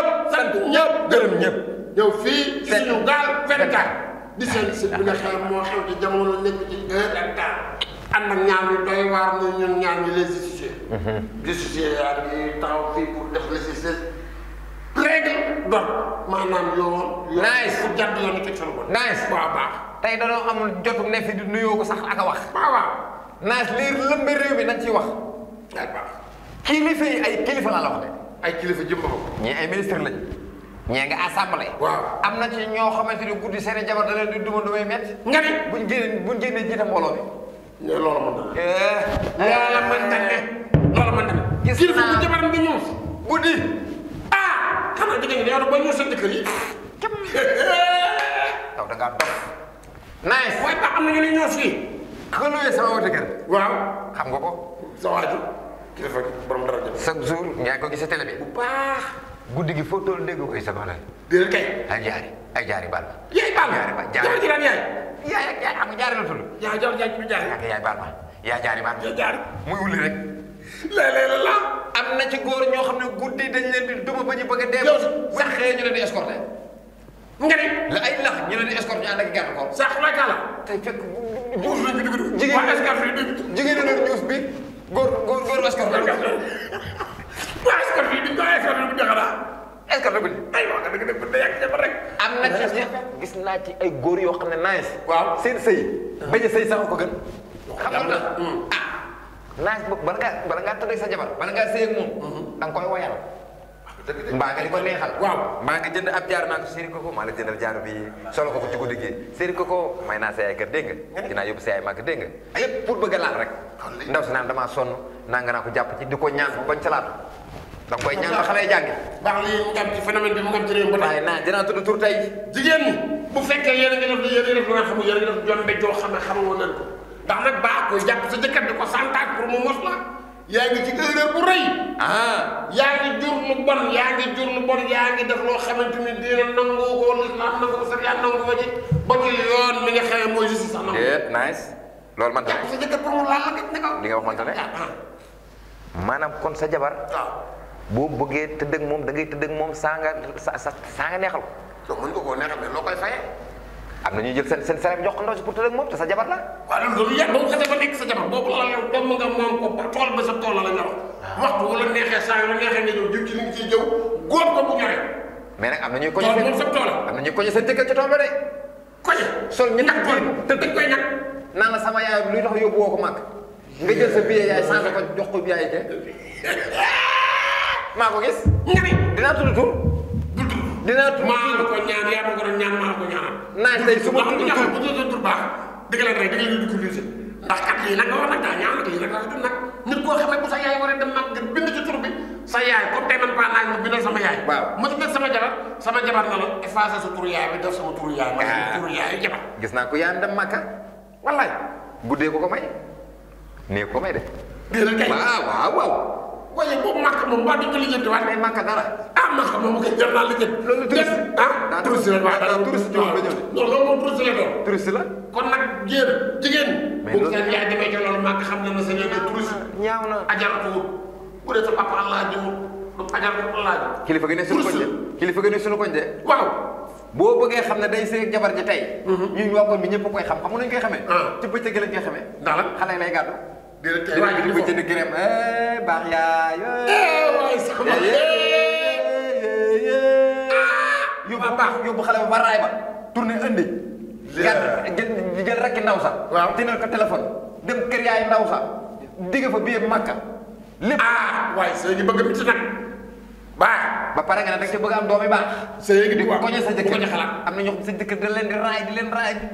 ñëpp sant ñëpp gërëm ñëpp. ñëw fii ci suñu gaal vingt di seen si bi nga xam moo xew ci jamono nekk ci vingt-quatre ànd ak ñaar ñu doy waar ñu ñun ñaar ñu les justifier justifier yaa ngi taxaw fii pour def les règle donc maanaam yoon. naaj bu jàpp yoon ci seen bopp. naaj waaw baax. tey danoo amul jotum ne fi di nuyoo ko sax ak a wax. waaw waaw. naaj lii lëmb réew mi wax. waaw baax. ay kilifa laa la wax ay kilifa jëm ba ñii ay ministre lañ ñee nga assemblée. waaw am na ci ñoo xamante ni guddi seen jabar da di duma dumay métti. nga ni buñ génnee génnee jiite mbooloo bi. loolu mën na. Eh. Eh. na ne. loolu na guddi. ah xam nga jigéen ñi dañoo doon ba ñëw seen jëkkër yi. taw eh. da kër. waaw xam nga ko. sa waajur. kilifa borom dara jël. chaque jour ñaa ko gis télé bi. bu baax. guddi gi foo toll dégg ko ay sama laay. déedéet kay. ay jaari ay jaari baal ma. yaay baal ma jaari ba jaari jaari yaay. yaay ak yaay jaari la tudd. yaay jaari muy wuli rek. léeg-léeg la am na ci góor ñoo xam ne guddi dañ leen di duma ba ñu bëgg a dee. yow sax xëy ñu leen di escorté. nga ne la ay lax ñu leen di escorté ñu ànd ak garde corps. sax la kala. tey fekk bu bu bu bu bu bu bu bu bu bu bu bu gis naa ci ay góor yoo xam ne nice. waaw seen sëy. Ah. bañ a sëy sax ko gën. xam nga hmm. ah. nice boobu bala ngaa bala ngaa tëddee sa jabar bala ngaa sëy ak moom. Hmm. da nga koy ko jënd ab jaar naa ko Serigne Coco maa la jëndal jaar bi solo ko ko ci guddi gi ko Coco may naa sa yaay kër dégg nga dinaa yóbbu sa yaay màgg dégg nga lépp pour bëgg a laal rek ndaw si naan damaa sonn naa nga naa ko jàpp ci di ko ñaan bañ salaatu da nga koy ñaan ba xale yi jàngi. baax na yéen mu am ci naa dinaa tudd tur tey jigéen bu fekkee yéen a ngi def yéen nga xamul yéen a ngi def yoon mbéj xam ne xamoon nañ ko ndax nag baax koy jàpp sa jëkkër di ko santaat pour mu mos la yaa ngi ci erreur bu rëy. ah yaa ngi jur mu xamante ni dina nangu ko lislaam nangu ko nga xamee mooy justice am. nice loolu man tamit. sa jëkkër ne ko. li nga wax man tamit maanaam kon sa jabar. waaw ah. boo bëggee tëdd ak moom da ngay tëdd ak moom saa nga saa nga neexal ko. donc mën nga koo neexal am na ñuy jël seen seen jox ko ndaw si pour tëdd sa jabar loolu loolu yàgg ba mu xasee ba nekk sa sa tool la la ñor. waxtu wala neexee saa yu la neexee nga ñëw jëm ci li ko mais am na ñuy ko. sa tool la na ñuy ko seen jëkkër ci tool ba sol ñu nag tool te koy nag. naan la sama yaay luy tax yóbbu woo ko màgg nga jël sa billet yaay changé ko jox ko billet yaay maa ko gis. nga ni dinaa tudd tur. bul maa ko ñaan yaa ma ko doon maa ko ñaanal. naa tey su ma tudd tur bu ñu doon tur baax dëgg la rek dëgg a bi sa yaay comme tey man naa ñu bindal sama yaay. waaw ma sama jabar sama jabar na la effacé sa turu yaay bi def yaay. waaw ah. jabar. gis naa ko yaa dem Makka wallaay guddee ko ko nee ko de. déedéet kay waaw waaw waaw. waaye boobu màkk moom mbaa duñ ko lijjanti waat. mais màkk dara. ah màkk moom kay jar naa lijjanti. loolu touriste ah touriste la waaw waaw touriste la ñëw de. non loolu moom touriste la doon. touriste la. kon nag jigéen jigéen. mais loolu seen yaay dafay jox loolu màkk xam na ne sa yaay de touriste. Ah, ñaaw na ajar ko bu dee sa papa allah jiwu du ajar ko allah jiwu. kilifa gi ne suñu koñ de kilifa gi ne suñu koñ de. waaw. boo bëggee xam ne day sëy jabar ji tey. Mhm. ñun waa koñ bi ñëpp koy xam xam nga nañu koy xamee. Ah. ci bëccëg lañ koy xamee. daanaka xale lay gàddu di la tey rek di ko jënd gërëm baax yaay. waay sax ma yóbbu baax yóbbu xale ba raay ba tourné indi. jël jël rakki ndaw sax. waaw tinal ko téléphone. dem kër yaay ndaw sax. digg fa biir makka. lépp ah waaye sëñ bi bëgg bi ci nag baax ba pare nga ne danga ci bëgg am doom yi baax. sëñ bi di ko koñe sa jëkkër am na ñoo xam sa jëkkër da leen di raay di leen raay di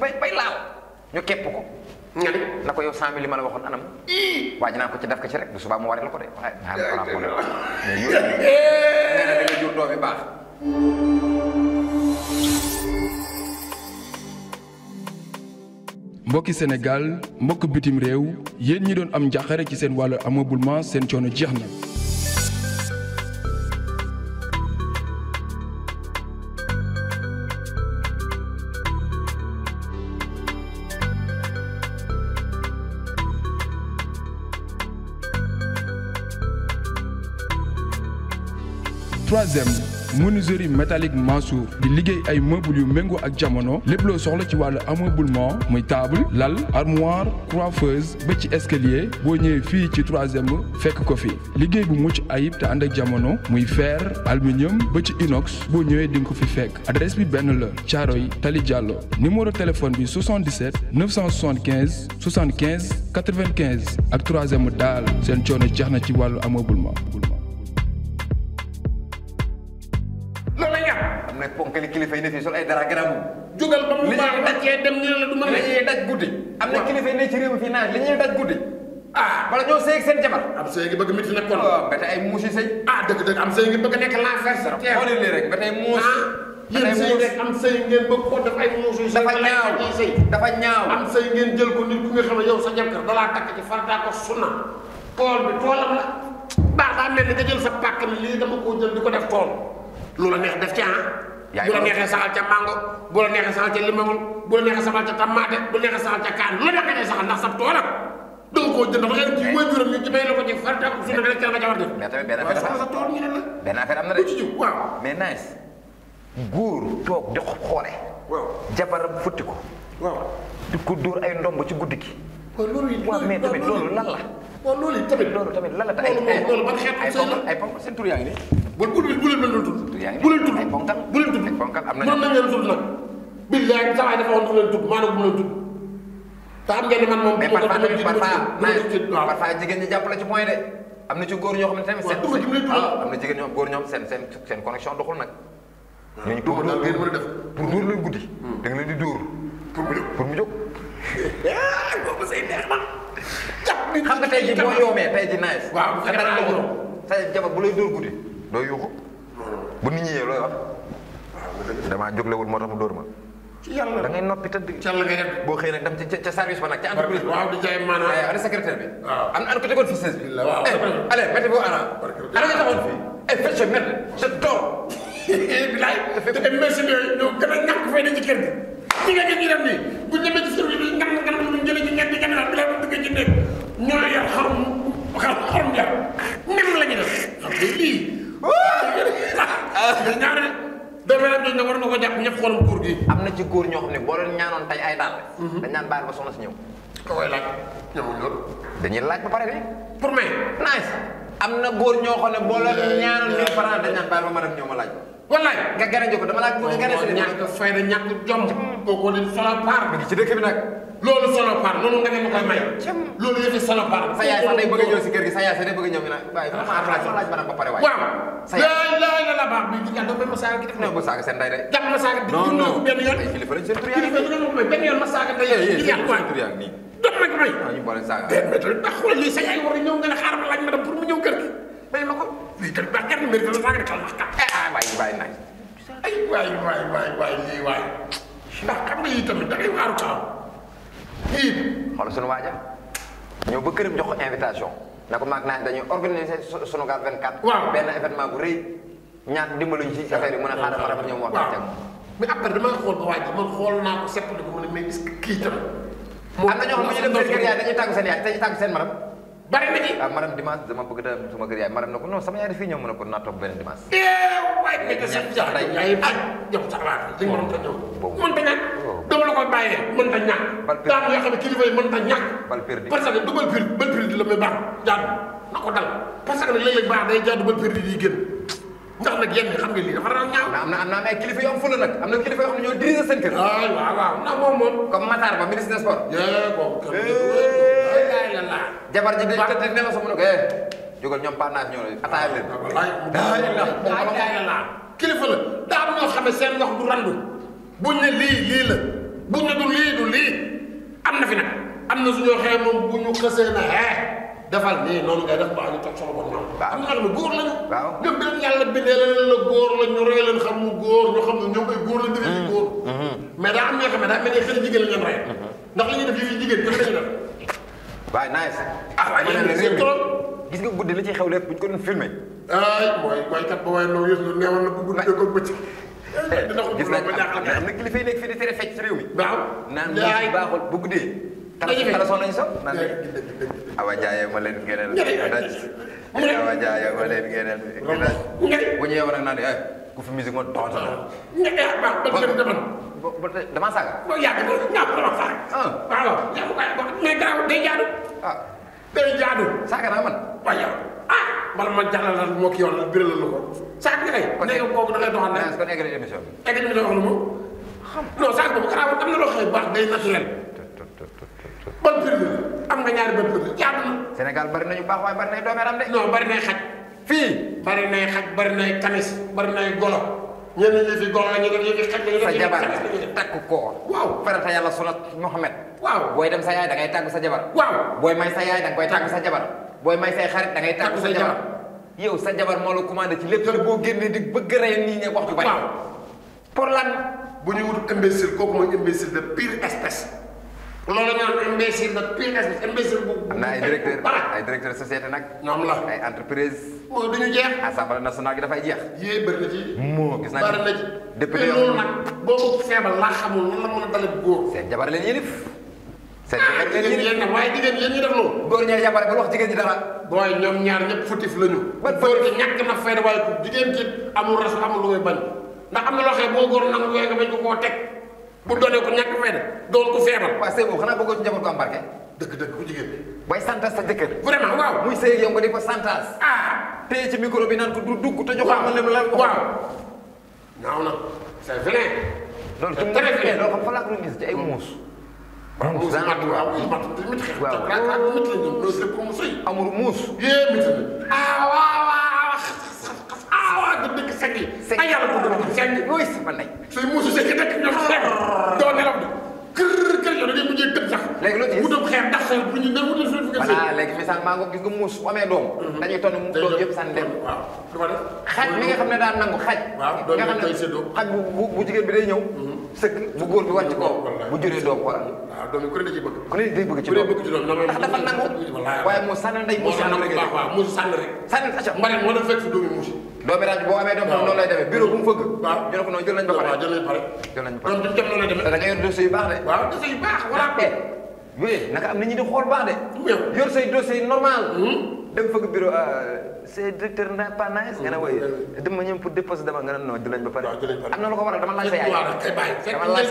bay bay laal ñu képp ko. nga di na ko yow cent li ma la waxoon anam waaj naa ko ci def ko ci rek bu subaa mu wari la ko de waaye naa la ko nag danga mbokki Sénégal mbokk bitim réew yéen ñi doon am njàqare ci seen wàllu ameublement seen coono jeex na Suzem menuiserie métallique Mansour di liggéey ay meubles yu méngoo ak jamono lépp loo soxla ci wàllu ameublement muy table lal armoire coiffeuse ba ci escalier boo ñëwee fii ci troisième fekk ko fi liggéey bu mucc ayib te ànd ak jamono muy fer aluminium ba ci inox boo ñëwee di ko fi fekk adresse bi benn la Thiaroye Tali Diallo numéro téléphone bi 77 975 75 95 ak troisième daal seen coono jeex na ci wàllu ameublement. nga ne kilifa yi sol ay dara garab jugal ba mu da cee dem ñu ne la du ma ne li ñuy daj guddi am na kilifa yi ne ci li ñuy daj guddi ah. oh, ba tey ay muusi sëy ah dëgg dëgg am ba tey muus ah, yéen sëy rek am sëy ngeen bëgg ko def ay muusu sëy dafa ñaaw sëy dafa ñaaw am sëy ngeen jël ko nit ku nga xam ne yow sa jabkar dalaa takk ci fardaa ko sunna tool bi toolam la baax daa mel ni nga jël sa pàkk mi lii dama koo jël di ko def neex def ci ah yaa ngi neexee saxal ca mango bu neexee saxal ca limamul bu neexee saxal ca tamaate bu neexee saxal ca kaan lu la neexee ndax sab tool ak doo ko jënd na juróom ñu ci may la ko ci farata ak suuna rek ca la jawar def mais tamit benn affaire saxal sa tool ñu de ci jub waaw mais nice góor toog di xoole waaw jabaram futti ko waaw di ko dóor ay ndomb ci guddi gi waaw mais tamit loolu lan la bon loolu it tamit loolu tamit lan la te ay loolu ban xeetu sëy la ay ponk seen tur yaa ngi nii. bu bu bu leen mel noonu tudd. tur yaa ngi nii bu leen tudd ay ponkal bu leen tudd ay ponkal am nañu. mën nañ leen tudd nag. billaay saa waay dafa waxoon ku leen tudd maanaam bu leen tudd. te am ngeen ni man moom. mais parfois tamit parfois parfois jigéen ñi jàpp la ci point de. am na ci góor ñoo xam ne tamit seen. waaw dugg ci biir am na jigéen ñoom góor ñoom seen seen seen connexion doxul nag. ñooñu ah, pour dóor ngeen mën a def pour dóor leen guddi. Hmm. da nga leen di dóor pour mu jóg pour mu jóg. ah boobu say neex na. jàpp nit xam nga tey jii boo yoomee tey jii nice. waaw bu fekkee naa yow tey jabar bu lay dóor guddi doo yuuxu bu nit ñi yee looy wax. damaa jóglewul moo tax mu dóor ma. ci yàlla da ngay noppi tëdd. ci yàlla ngay def boo xëy nag dem ca ca service ba nag ca entreprise. waaw di jaay maanaam waaw eh, ana secrétaire bi. waaw am na ko tegoon fi seize bi. Eh, waaw allez metti boobu ana. ana nga taxoon fii. ay eh, fecce mette sa door. bilaay te dem message yooyu ñoo gën a ñàkk fay na ci kër gi. ñi nga gis ñu dem nii bu ñu ñu la yar xarum xarum yar nim la ñu def xam nga lii. Ah. ñaareel dafay ne war na ko jàpp ñëpp xolam góor gi. am na ci góor ñoo xam ne boo leen ñaanoon tey ay dàll. Mhm. dañ naan baal ba soxna si ñëw. ka koy laaj ñëwul loolu. dañuy laaj ba pare de. pour may nice am na góor ñoo xam ne boo leen ñaanoon mille francs dañ naan baal ba ma dem ñëw ma laaj. wallaay nga gërëjëf ko dama laaj. nga gërëjëf ko ñàkk fayda ñàkk jom. Mm. kooku di solo paar bi ci dëkk bi nag. loolu salopard noonu nga ne ma koy may. loolu yëfi salopard. sa yaay sax day bëgg a ñëw si kër gi sa yaay sax day bëgg a ñëw ñu naan waaye ah, vraiment arrangé ma laaj ma ba pare waaye. sa yaay waaw lay la la baax bi di yàlla ma saaga gi def na. ma saaga seen ndey de. jàpp ma saaga di dund ko benn yoon. ay kilifa lañ seen tur yaa ngi nii benn yoon ma saaga day di yàlla waay. dox rek may. waaw ñu boole saaga. benn benn ndax xool lii sa yaay war a ñëw nga ne xaaral ma laaj ma dem pour mu ñëw kër gi. may ma ko lii kër baax kenn mbir la saaga de kal wax ka. Eh, ah waay waay naaj. ay waay waay waay waay lii waay. ndax xam nga yii tamit da ngay waaru kaaw ii xoolal sunu waaja ñëw ba këram jox ko invitation na ko maag naa dañuy organiser Sunugal 24. waaw benn événement bu rëy ñaata ci affaire yi mën a xaaral ma rafet ñoom waxtaan mais après damaa xool ba waaj man xool naa ko sepp na ko mu ne mais est-ce que kii tam. am na ñoo xam ne ñu dem seen kër yaay dañuy tàggu seen yaay dañuy tàggu seen maram. bari na ci waaw ah, maram ñoo dama bëgg a dem suma kër na ko non sama eh, ah, a ko a ko dama la koy bàyyee mën ta ñàkk. bal perdue daan yoo xam ne kilifa yi mën ta ñàkk. bal perdue parce que du bal perdue bal perdue la muy baax jaadu na ko dal parce que nag léeg-léeg baax day jaadu bal perdue di génn ndax nag yenn xam nga lii dafa daan ñaaw. am na am na am ay kilifa yoo am fula nag am na kilifa yoo xam ne ñoo dirigé seen kër. waaw waaw waaw ndax moom moom. comme Matar Ba ministre des sports. boobu kër gi la laa. jabar ji dañuy tëdd ne la sama nag jógal ñoom Paa Naas ñoo lay ataaya leen. Ah, kilifa la daa am ñoo xam ne seen wax du randu buñ ne lii lii la buñ ne du lii du lii am na fi nag am na suñoo xee moom bu ñu xasee na xee eh, defal nii noonu ngay def ba ñu toog sama bopp noonu. waaw am na nag góor lañu. waaw ñoom dañu yàlla bindee leen la góor la ñu rey leen xam mu góor ñu xam ne ñoom ay góor la ñu defee góor. Mm-hmm. mais daa am ñoo xam ne daa mel ni xëy jigéen la ñu rey. Mm-hmm. ndax li ñuy def yii jigéen ñoom dañuy def. waaye naa yees. ah waaye yéen a ngi gis nga guddi li ci xew lépp bu ñu ko doon filmé. ay mooy mooy kat ba waaye noonu yëpp neewal na bu guddi ko bëccëg. gis nañ am na kilifa yi nekk fii di tere fecc waaw. naan bu baaxul bu guddee. xalasoon nañu sax naan awa jaaye ma leen gënal. awa jaaye ma leen gënal. bu ñëwee war naan ay eh, ku fi musique ma toxal sax. ba tey damaa saaga. Ah. waaw yaa ngi ko ñaaw damaa saaga. waaw mais gaaw day jaadu. la moo kii yoon la biral la ko. saaga nga kay. kon nekk boobu da ngay doxal ne. kon egg nañu émission bi. egg nañu am na loo xam ne baax day naturel. ban période am nga ñaari ban période jaadu na. Sénégal bari nañu baax waaye bari nay doomeeram de. non bari nay xaj. fii bari nay xaj bari nay kanis bari nay golo. ñenn ñi fi golo ñu def ñu fi xaj la. sa jabar takk ko. waaw farata yàlla sunat Muhammad. waaw booy dem sa yaay dangay ngay tàggu sa jabar. waaw booy may sa yaay da nga koy sa jabar. booy may say xarit da ngay sa jabar. yow sa jabar moo la commandé ci lépp. boo génnee di bëgg rey nit ñi wax ju bari. pour lan. bu ñu wut imbécile kooku mooy imbécile de pire espèce. loolu la ñu naan imbécile de pire espèce imbécile bu. am na ay directeur ay directeur société nag. ñoom la ay entreprise. mooy du ñu jeex. assemblée ah, nationale gi dafay jeex. yéen bëri na ci. moo gis naa ci député yoo loolu nag boobu feebar laa xamul nan la mën a dalee góor. seen jabar leen yëlif. seen ah, jabar leen yëlif waaye jigéen yéen ñu def loolu. góor ñooy jabare ba wax jigéen ñi dara. booy ñoom ñaar ñëpp fautif la ñu. ba góor gi ñàkk na fayda waaye jigéen ci amul rasu amul lu ngay bañ ndax am na loo xam ne boo góor nangu yooyu nga bañ ko koo teg bu doonee ko ñàkk fay doon ko feebar. waaw sëy boobu xanaa bëggoo ci njaboot ko embarqué. dëgg ko santas. ah micro bi ko du dugg te joxoon ma leen lan. waaw naaw ko gis ci ay muus. waaw muus mat waaw mat mit xeex. waaw waaw ah waaw waaw. bu dëkk sëñ yi. sëñ yi yàlla bu bu ñu ne wutum suuf maa ngi gis nga muus su amee doom. Mhm. dañuy tonn mu doom yëpp sànni xaj mi nga xam ne daan nangu xaj. waaw doon nañ koy séddoo xaj bu bu jigéen bi day ñëw mhm. sëkk bu góor bi wàcc ko bu juree doom quoi. waaw doom yi ku ne ci bëgg. ku ne day bëgg ci doom ku ci doom ndax dafa nangu. waaye moo sànni ndey moo sànni rek waaw moo sànni rek. sànni acca mbareem moo doon fekk fi doomi muusi. doomi raaj boo amee doom tam noonu lay demee bureau bu mu fëgg. waaw ñu ne ko noonu jël nañ ba pare. waaw jël nañ ba pare. jël nañ ba pare doom tam noonu lay demee. da nga yor dossier yu baax de. waaw dossier yu baax wala. naka am na ñu di xool baax de. yor say dossier normal hmm? dem fëgg bureau ah, c'est directeur na pas nice nga ne mm. woy dama ñëw pour déposer dama nga ne non dinañ ba pare. am na lu ko dama laaj sa yaay. dama laaj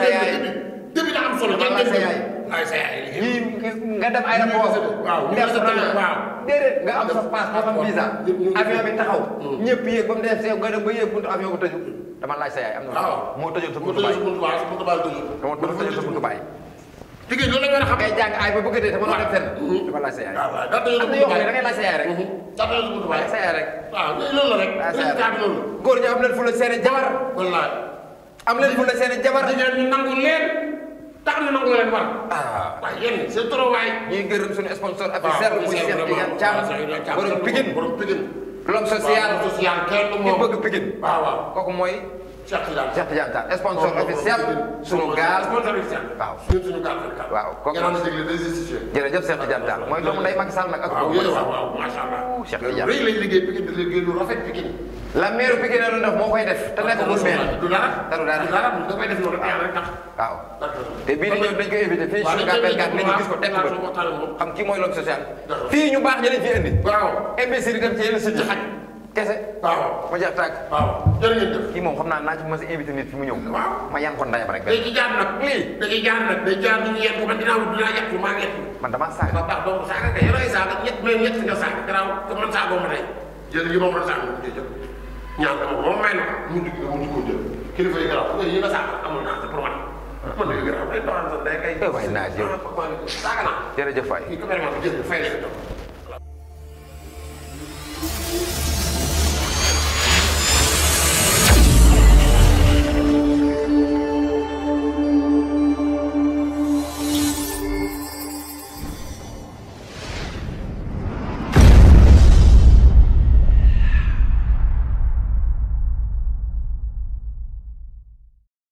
sa yaay nga dem aéroport. waaw déedéet nga am sa passe mm. ñëpp yéeg ba mu def sew nga dem dama laaj sa am na. moo tëjoon sa buntu baay moo tëjoon sa buntu baay. jigéen loolu a xam. ngay jàng ay ba bëgg a dee dama doon dem fenn. a laaj sa yaay. Ah, waaw waaw dama yóbbu waaye da ngay laaj sa yaay rek. Mhm. dama yóbbu waaye sa yaay rek. a loolu la rek. waaw sa yaay rek loolu. góor am leen fu la seen am leen fu la seen jabar. jigéen ñi nangu leen. tax na nangu leen war. ah waaw yéen c'est trop waay. ñuy gërëm suñu sponsor officiel muy Cheikh Tidiane Thiam borom Pikine borom Pikine. club social. social kenn moom ki mooy. Cheikh Tidiane Cheikh Tidiane Tall sponsor officiel sunu gaal waaw suñu gaal waaw kooku ngeen déglu des institutions jërëjëf Cheikh Tidiane Tall mooy doomu nday Macky Sall nag ak waaw waaw macha Allah Cheikh Tidiane rëy lañ liggéey Pikine di liggéey lu rafet Pikine la maire Pikine la doon def moo koy def te nekk mu maire du dara du dara da koy def loolu rek tax waaw te bii di ñëw dañ koy invité fii suñu gaal benn nañu gis ko teg ko xam kii mooy l'homme social fii ñu baax ñi lañ fi indi kese. waaw ma jeex tàgg. waaw jërëjëf. kii moom xam naa naaj ci mos a invité nit fi mu ñëw. waaw ma yan ko ndayam rek. day ci jaar nag lii da day jaar ñu na ku man. man de garaaw day